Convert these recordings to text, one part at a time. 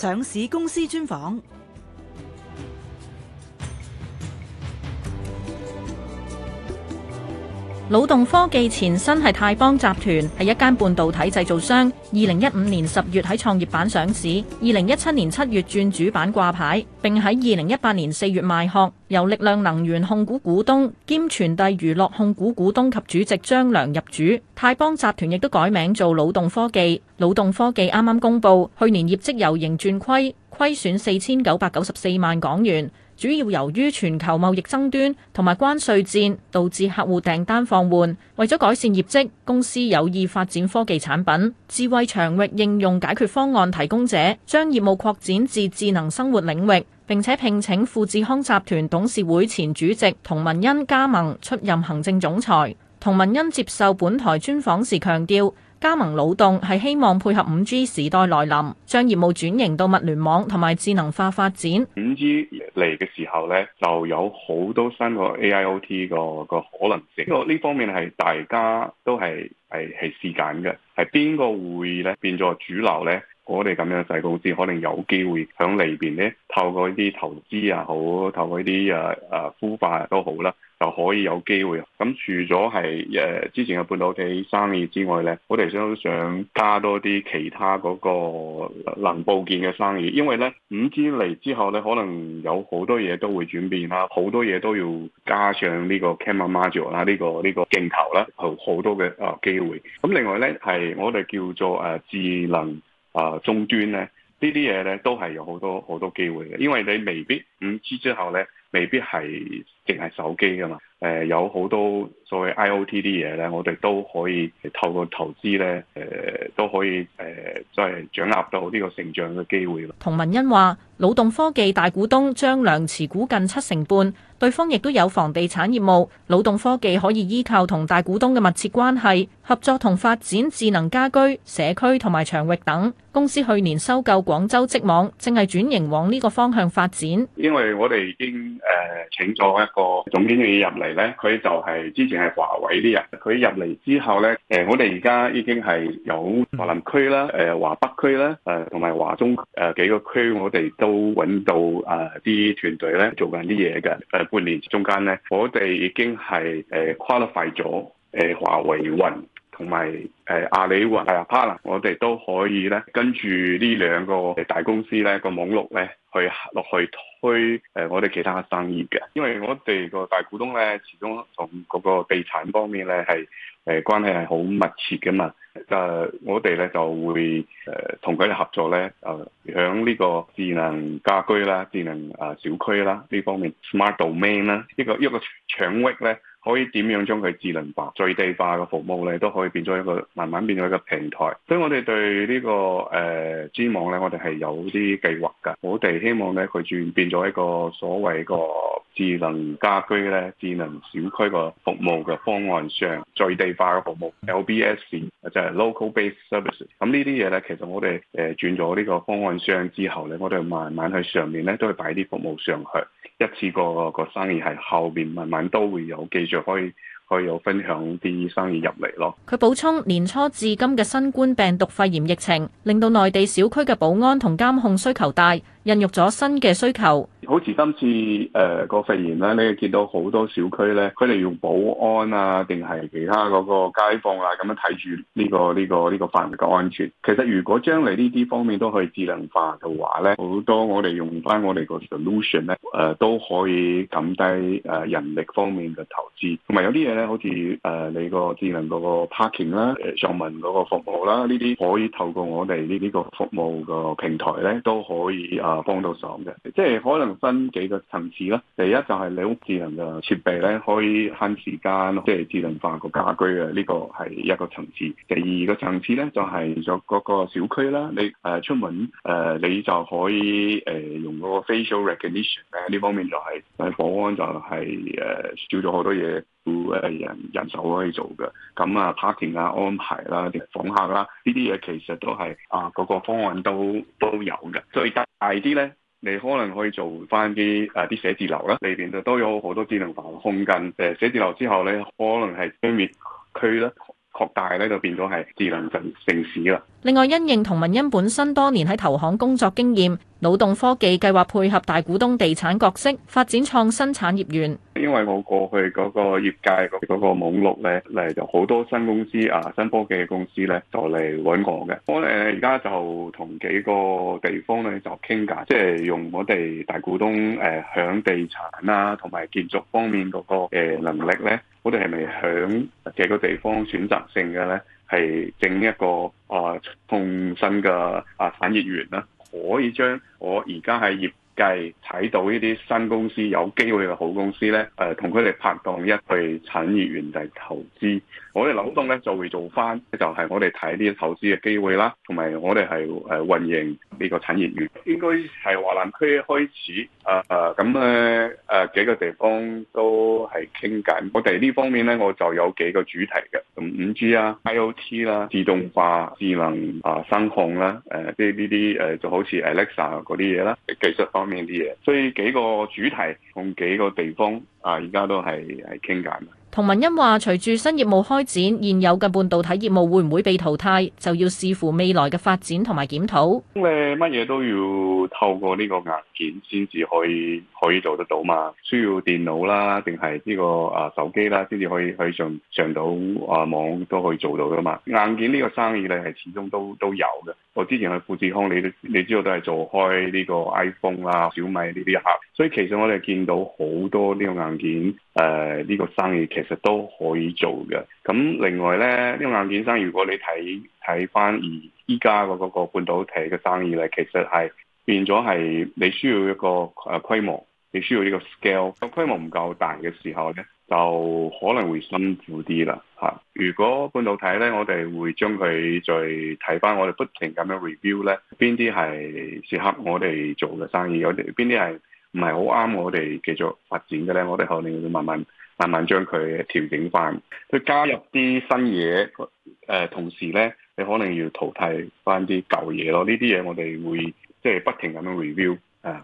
上市公司專訪。腦洞科技前身係泰邦集團，係一間半導體製造商。二零一五年十月喺創業板上市，二零一七年七月轉主板掛牌，並喺二零一八年四月賣殼，由力量能源控股股東兼傳遞娛樂控股股東及主席張量入主。泰邦集團亦都改名做腦洞科技。腦洞科技啱啱公布去年業績由盈轉虧，虧損四千九百九十四萬港元。主要由於全球貿易爭端同埋關稅戰，導致客戶訂單放緩。為咗改善業績，公司有意發展科技產品、智慧場域應用解決方案提供者，將業務擴展至智能生活領域。並且聘請富智康集團董事會前主席童文欣加盟出任行政總裁。童文欣接受本台專訪時強調，加盟腦洞係希望配合五 G 時代來臨，將業務轉型到物聯網同埋智能化發展。五 G。嚟嘅時候咧，就有好多新嘅 AIoT 個個可能性。因為呢方面係大家都係係係試緊嘅，係邊個會咧變做主流咧？我哋咁樣細公司，可能有機會喺裏邊咧，透過啲投資啊，好，透過啲誒誒孵化都好啦，就可以有機會。咁除咗係誒之前嘅半導體生意之外咧，我哋都想加多啲其他嗰個能部件嘅生意，因為咧五 G 嚟之後咧，可能有好多嘢都會轉變啦，好多嘢都要加上呢個 camera module 啦，呢個呢個鏡頭啦，好好多嘅啊機會。咁另外咧，係我哋叫做誒智能。啊，終、呃、端咧，呢啲嘢咧都係有好多好多機會嘅，因為你未必五 G 之後咧。未必係淨係手機噶嘛？誒、呃、有好多所謂 IOT 啲嘢咧，我哋都可以透過投資咧，誒、呃、都可以誒、呃，再掌握到呢個成長嘅機會咯。童文欣話，腦洞科技大股東張量持股近七成半，對方亦都有房地產業務。腦洞科技可以依靠同大股東嘅密切關係，合作同發展智能家居、社區同埋長域等。公司去年收購廣州積網，正係轉型往呢個方向發展。因為我哋已經。誒、呃，請咗一個總經理入嚟咧，佢就係之前係華為啲人，佢入嚟之後咧，誒、呃，我哋而家已經係有華南區啦，誒、呃，華北區啦，誒、呃，同埋華中誒、呃、幾個區，我哋都揾到誒啲團隊咧做緊啲嘢嘅。誒、呃，半年中間咧，我哋已經係誒、呃、qualify 咗誒華為雲。同埋誒阿里雲大 partner，我哋都可以咧跟住呢兩個大公司咧個網絡咧去落去推誒我哋其他嘅生意嘅，因為我哋個大股東咧始終同嗰個地產方面咧係誒關係係好密切嘅嘛，就我哋咧就會誒同佢哋合作咧，誒響呢個智能家居啦、智能啊小區啦呢方面 smart domain 啦，呢個一個長域咧。可以點樣將佢智能化、最地化嘅服務咧，都可以變咗一個慢慢變咗一個平台。所以我哋對、這個呃、G 呢個誒支網咧，我哋係有啲計劃嘅。我哋希望咧，佢轉變咗一個所謂個智能家居咧、智能小區個服務嘅方案商最地化嘅服務 LBS，即係 Local Base Services。咁呢啲嘢咧，其實我哋誒、呃、轉咗呢個方案商之後咧，我哋慢慢喺上面咧都係擺啲服務上去。一次個個生意係後邊慢慢都會有繼續，可以可以有分享啲生意入嚟囉。佢補充，年初至今嘅新冠病毒肺炎疫情，令到內地小區嘅保安同監控需求大。孕育咗新嘅需求，好似今次誒個肺炎咧，你見到好多小區咧，佢哋用保安啊，定係其他嗰個街坊啊，咁樣睇住呢個呢個呢個範圍嘅安全。其實如果將嚟呢啲方面都可以智能化嘅話咧，好多我哋用翻我哋個 solution 咧，誒、呃、都可以減低誒人力方面嘅投資，同埋有啲嘢咧，好似誒、呃、你個智能嗰個 parking 啦、誒上門嗰個服務啦，呢啲可以透過我哋呢啲個服務個平台咧，都可以啊。啊，幫到爽嘅，即係可能分幾個層次啦。第一就係你屋智能嘅設備咧，可以慳時間，即係智能化，個家居嘅呢個係一個層次。第二個層次咧，就係咗嗰個小區啦，你誒出門誒，你就可以誒用嗰個 facial recognition 咧，呢方面就係、是、誒保安就係誒少咗好多嘢。雇人人手可以做嘅咁啊，parking 啊安排啦、啊，定訪客啦，呢啲嘢其實都係啊嗰個方案都都有嘅。再大啲咧，你可能可以做翻啲誒啲寫字樓啦、啊，裏邊就都有好多智能化空間。誒寫字樓之後咧，可能係商業區啦擴大咧，就變咗係智能城城市啦。另外，因應童文欣本身多年喺投行工作經驗。腦洞科技計劃配合大股東地產角色發展創新產業園。因為我過去嗰個業界嗰嗰個網絡咧，嚟,有好多新公司啊，新科技嘅公司咧就嚟揾我嘅。我哋而家就同幾個地方咧就傾偈，即係用我哋大股東誒響、啊、地產啦同埋建築方面嗰個誒能力咧，我哋係咪響幾個地方選擇性嘅咧，係整一個啊創新嘅啊產業園啦？可以將我而家喺業。係睇到呢啲新公司有機會嘅好公司咧，誒、呃、同佢哋拍檔一去產業園嚟投資。我哋紐東咧就會做翻，就係、是、我哋睇呢啲投資嘅機會啦，同埋我哋係誒運營呢個產業園。應該係華南區開始，誒誒咁咧誒幾個地方都係傾緊。我哋呢方面咧，我就有幾個主題嘅，咁五 G 啊、IOT 啦、啊、自動化、智能啊、聲控啦、啊，誒即係呢啲誒就好似 Alexa 嗰啲嘢啦，技術方面。啲嘢，所以幾個主題同幾個地方啊，而家都係係傾緊。童文欣話：隨住新業務開展，現有嘅半導體業務會唔會被淘汰，就要視乎未來嘅發展同埋檢討。因乜嘢都要透過呢個硬件先至可以可以做得到嘛，需要電腦啦，定係呢個啊手機啦，先至可以去上上到啊網都可以做到噶嘛。硬件呢個生意咧係始終都都有嘅。我之前去富士康，你都你知道都係做開呢個 iPhone 啦、小米呢啲客，所以其實我哋見到好多呢個硬件誒呢、呃呢個生意。其實都可以做嘅。咁另外呢，呢個硬件生意，如果你睇睇翻而依家嗰個半導體嘅生意呢，其實係變咗係你需要一個誒規模，你需要呢個 scale。個規模唔夠大嘅時候呢，就可能會辛苦啲啦吓。如果半導體呢，我哋會將佢再睇翻，我哋不停咁樣 review 呢，邊啲係適合我哋做嘅生意，有啲邊啲係唔係好啱我哋繼續發展嘅呢？我哋可能會慢慢。慢慢將佢調整翻，佢加入啲新嘢，誒、呃、同時咧，你可能要淘汰翻啲舊嘢咯。呢啲嘢我哋會即係不停咁樣 review 啊。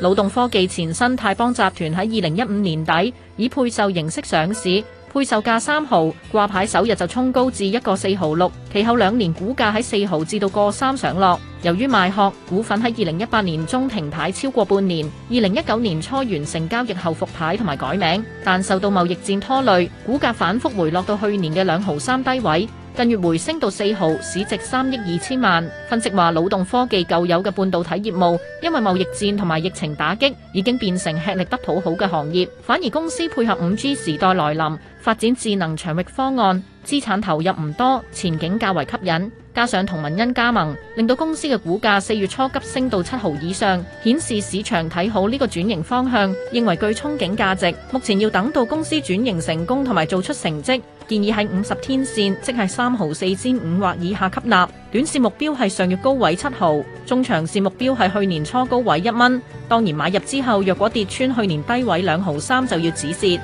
腦洞科技前身泰邦集團喺二零一五年底以配售形式上市。配售價三毫，掛牌首日就衝高至一個四毫六，其後兩年股價喺四毫至到個三上落。由於賣殼，股份喺二零一八年中停牌超過半年，二零一九年初完成交易後復牌同埋改名，但受到貿易戰拖累，股價反覆回落到去年嘅兩毫三低位。近月回升到四毫，市值三億二千萬，分析話腦洞科技舊有嘅半導體業務因為貿易戰同埋疫情打擊已經變成吃力不討好嘅行業，反而公司配合五 G 時代來臨發展智能場域方案，資產投入唔多，前景較為吸引。加上童文欣加盟，令到公司嘅股價四月初急升到七毫以上，顯示市場睇好呢個轉型方向，認為具憧憬價值。目前要等到公司轉型成功同埋做出成績，建議喺五十天綫，即係三毫四仙五或以下吸納。短綫目標係上月高位七毫，中長綫目標係去年初高位一蚊。當然買入之後，若果跌穿去年低位兩毫三，就要止蝕。